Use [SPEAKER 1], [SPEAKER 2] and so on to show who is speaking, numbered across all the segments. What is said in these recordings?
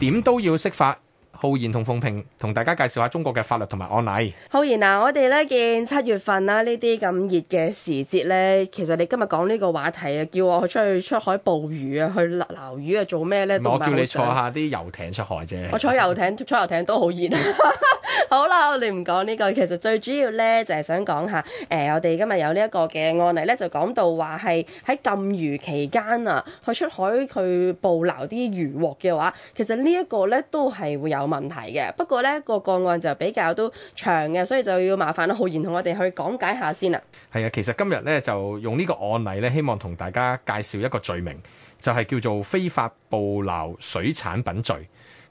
[SPEAKER 1] 點都要識法。浩然同鳳平同大家介紹下中國嘅法律同埋案例。
[SPEAKER 2] 浩然，嗱，我哋咧見七月份啦，啊，呢啲咁熱嘅時節咧，其實你今日講呢個話題啊，叫我去出去出海捕魚啊，去撈魚啊，做咩咧？有我叫你坐下
[SPEAKER 1] 啲遊艇出海啫。我坐
[SPEAKER 2] 遊艇， 坐遊艇都好熱。 好啦，我哋唔講呢、這個，其實最主要咧就係、是、想講下，誒、呃，我哋今日有呢一個嘅案例咧，就講到話係喺禁漁期間啊，去出海去捕撈啲漁獲嘅話，其實呢一個咧都係會有。問題嘅，不過呢個個案就比較都長嘅，所以就要麻煩啦浩然同我哋去講解下先啦。
[SPEAKER 1] 係啊，其實今日呢，就用呢個案例呢，希望同大家介紹一個罪名，就係叫做非法捕撈水產品罪。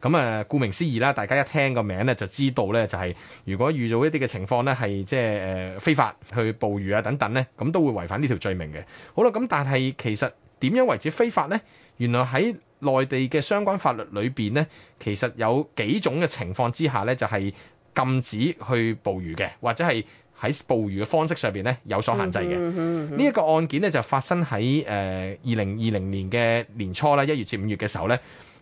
[SPEAKER 1] 咁啊，顧名思義啦，大家一聽個名呢就知道呢，就係如果遇到一啲嘅情況呢，係即係誒非法去捕魚啊等等呢，咁都會違反呢條罪名嘅。好啦，咁但係其實點樣為止非法呢？原來喺內地嘅相關法律裏邊呢，其實有幾種嘅情況之下呢，就係禁止去捕魚嘅，或者係喺捕魚嘅方式上邊呢有所限制嘅。呢一、嗯嗯嗯、個案件呢，就發生喺誒二零二零年嘅年初啦，一月至五月嘅時候呢。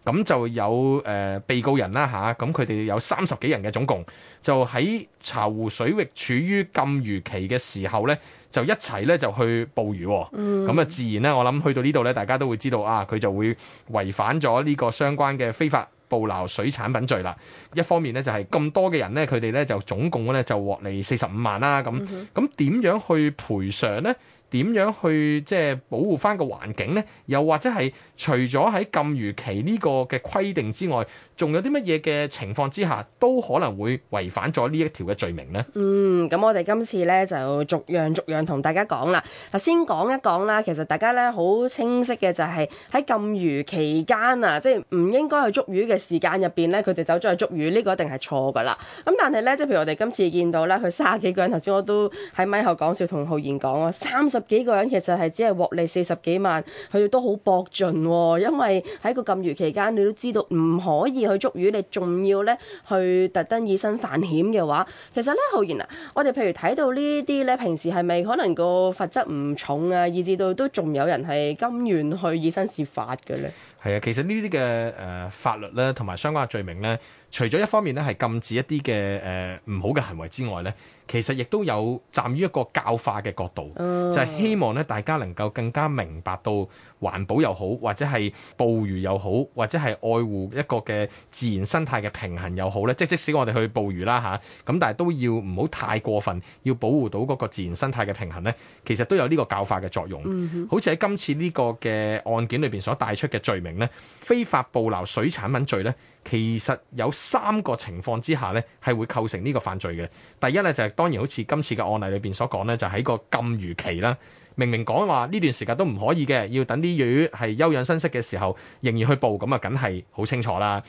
[SPEAKER 1] 咁就有誒、呃、被告人啦吓，咁佢哋有三十幾人嘅總共，就喺巢湖水域處於禁漁期嘅時候咧，就一齊咧就去捕魚喎。咁啊，嗯、自然咧，我諗去到呢度咧，大家都會知道啊，佢就會違反咗呢個相關嘅非法捕撈水產品罪啦。一方面咧就係、是、咁多嘅人咧，佢哋咧就總共咧就獲利四十五萬啦。咁咁點樣去賠償咧？點樣去即係保護翻個環境咧？又或者係除咗喺禁漁期呢個嘅規定之外。仲有啲乜嘢嘅情況之下都可能會違反咗呢一條嘅罪名呢？
[SPEAKER 2] 嗯，咁我哋今次咧就逐樣逐樣同大家講啦。嗱，先講一講啦，其實大家咧好清晰嘅就係喺禁漁期間啊，即係唔應該去捉魚嘅時間入邊咧，佢哋走咗去捉魚，呢個一定係錯噶啦。咁但係咧，即係譬如我哋今次見到咧，佢卅幾個人，頭先我都喺咪後講笑，同浩然講啊，三十幾個人其實係只係獲利四十幾萬，佢哋都好搏盡喎，因為喺個禁漁期間，你都知道唔可以。去捉魚，你仲要咧去特登以身犯險嘅話，其實咧浩然啊，我哋譬如睇到呢啲咧，平時係咪可能個罰則唔重啊，以至到都仲有人係甘願去以身試法嘅咧？
[SPEAKER 1] 係啊，其實呢啲嘅誒法律咧，同埋相關嘅罪名咧，除咗一方面咧係禁止一啲嘅誒唔好嘅行為之外咧。其實亦都有站於一個教化嘅角度，Oh. 就係希望咧大家能夠更加明白到環保又好，或者係捕魚又好，或者係愛護一個嘅自然生態嘅平衡又好咧。即即使我哋去捕魚啦嚇，咁但係都要唔好太過分，要保護到嗰個自然生態嘅平衡咧。其實都有呢個教化嘅作用。Mm-hmm. 好似喺今次呢個嘅案件裏邊所帶出嘅罪名咧，非法捕撈水產品罪咧，其實有三個情況之下咧係會構成呢個犯罪嘅。第一咧就係、是。當然，好似今次嘅案例裏邊所講呢，就喺個禁漁期啦，明明講話呢段時間都唔可以嘅，要等啲魚係休養生息嘅時候，仍然去捕，咁啊，梗係好清楚啦。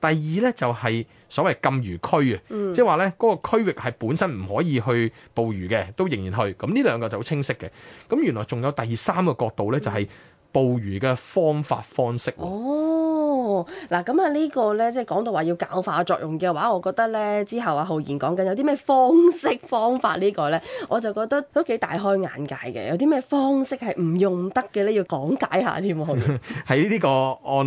[SPEAKER 1] 第二呢，就係所謂禁漁區啊，即係話呢嗰個區域係本身唔可以去捕魚嘅，都仍然去。咁呢兩個就好清晰嘅。咁原來仲有第三個角度呢，就係捕魚嘅方法方式。哦
[SPEAKER 2] 嗱，咁啊、哦、呢個咧，即係講到話要教化作用嘅話，我覺得咧之後阿浩然講緊有啲咩方式方法個呢個咧，我就覺得都幾大開眼界嘅。有啲咩方式係唔用得嘅咧，要講解下添。
[SPEAKER 1] 喺呢個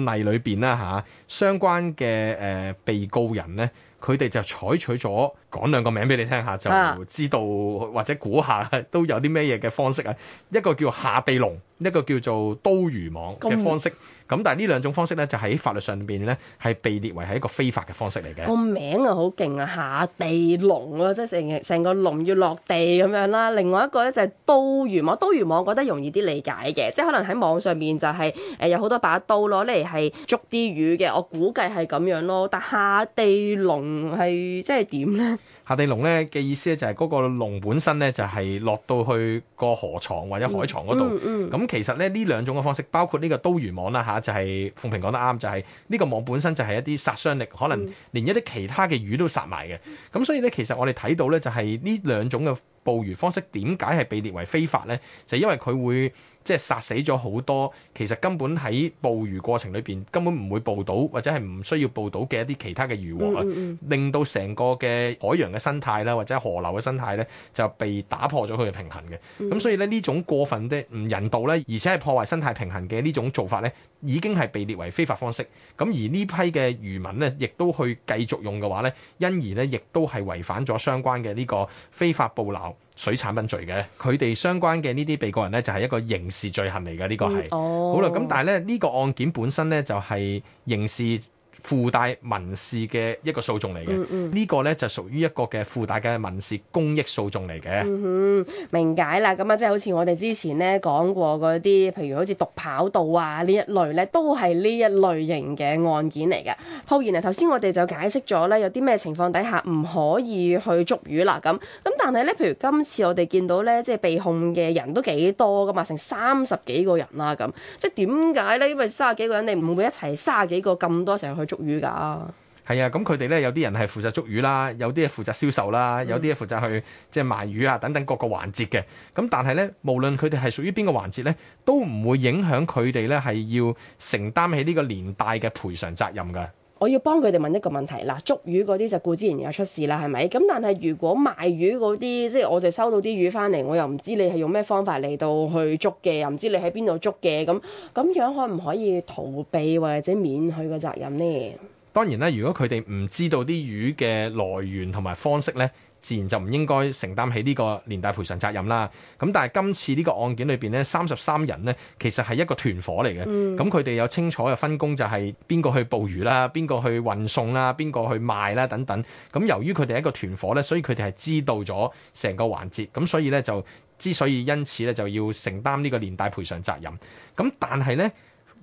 [SPEAKER 1] 案例裏邊啦嚇，相關嘅誒、呃、被告人咧，佢哋就採取咗講兩個名俾你聽下，就知道或者估下都有啲咩嘢嘅方式啊。一個叫下地龍。一個叫做刀魚網嘅方式，咁麼但係呢兩種方式咧，就喺法律上邊咧係被列為係一個非法嘅方式嚟嘅。個
[SPEAKER 2] 名啊好勁啊，下地龍啊，即係成成個龍要落地咁樣啦。另外一個咧就係刀魚網，刀魚網我覺得容易啲理解嘅，即係可能喺網上邊就係誒有好多把刀攞嚟係捉啲魚嘅，我估計係咁樣咯。但下地龍係即係點咧？
[SPEAKER 1] 下地龍咧嘅意思咧就係嗰個龍本身咧就係落到去個河床或者海床嗰度。咁、嗯嗯、其實咧呢兩種嘅方式，包括呢個刀魚網啦、就、嚇、係，就係鳳平講得啱，就係呢個網本身就係一啲殺傷力，可能連一啲其他嘅魚都殺埋嘅。咁、嗯、所以咧，其實我哋睇到咧就係呢兩種嘅。捕魚方式點解係被列為非法呢？就因為佢會即係殺死咗好多其實根本喺捕魚過程裏邊根本唔會捕到或者係唔需要捕到嘅一啲其他嘅漁獲，令到成個嘅海洋嘅生態啦或者河流嘅生態呢，就被打破咗佢嘅平衡嘅。咁所以呢，呢種過分的唔人道呢，而且係破壞生態平衡嘅呢種做法呢，已經係被列為非法方式。咁而呢批嘅漁民呢，亦都去繼續用嘅話呢，因而呢，亦都係違反咗相關嘅呢個非法捕撈水產品罪嘅佢哋相關嘅呢啲被告人呢，就係、是、一個刑事罪行嚟嘅。這個嗯哦、呢個係好啦，咁但係咧呢個案件本身呢，就係、是、刑事附帶民事嘅一個訴訟嚟嘅。呢、嗯嗯、個呢，就屬於一個嘅附帶嘅民事公益訴訟嚟嘅、嗯。
[SPEAKER 2] 明解啦，咁啊，即係好似我哋之前呢講過嗰啲，譬如好似毒跑道啊呢一類呢，都係呢一類型嘅案件嚟嘅。好，然後啊，頭先我哋就解釋咗呢，有啲咩情況底下唔可以去捉魚啦，咁咁。但係咧，譬如今次我哋見到咧，即係被控嘅人都幾多㗎嘛？成三十幾個人啦、啊，咁即係點解咧？因為三十幾個人，你唔會一齊三十幾個咁多成日去捉魚㗎。
[SPEAKER 1] 係啊，咁佢哋咧有啲人係負責捉魚啦，有啲係負責銷售啦，有啲係負責去即係賣魚啊等等各個環節嘅。咁但係咧，無論佢哋係屬於邊個環節咧，都唔會影響佢哋咧係要承擔起呢個連帶嘅賠償責任㗎。
[SPEAKER 2] 我要幫佢哋問一個問題，嗱，捉魚嗰啲就固之然又出事啦，係咪？咁但係如果賣魚嗰啲，即係我哋收到啲魚翻嚟，我又唔知你係用咩方法嚟到去捉嘅，又唔知你喺邊度捉嘅，咁咁樣可唔可以逃避或者免去個責任咧？
[SPEAKER 1] 當然啦，如果佢哋唔知道啲魚嘅來源同埋方式呢，自然就唔應該承擔起呢個連帶賠償責任啦。咁但係今次呢個案件裏邊呢，三十三人呢其實係一個團伙嚟嘅。咁佢哋有清楚嘅分工，就係邊個去捕魚啦，邊個去運送啦，邊個去賣啦等等。咁由於佢哋係一個團伙呢，所以佢哋係知道咗成個環節。咁所以呢，就之所以因此呢，就要承擔呢個連帶賠償責任。咁但係呢，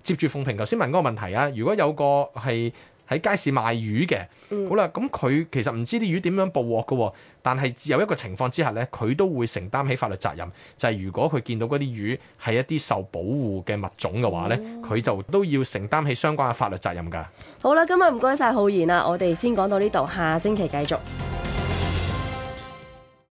[SPEAKER 1] 接住鳳平頭先問嗰個問題啊，如果有個係喺街市賣魚嘅，嗯、好啦，咁佢其實唔知啲魚點樣捕獲㗎、喎，但係有一個情況之下呢，佢都會承擔起法律責任，就係、是、如果佢見到嗰啲魚係一啲受保護嘅物種嘅話呢佢、嗯、就都要承擔起相關嘅法律責任㗎。
[SPEAKER 2] 好啦，今日唔該晒浩然啦，我哋先講到呢度，下星期繼續。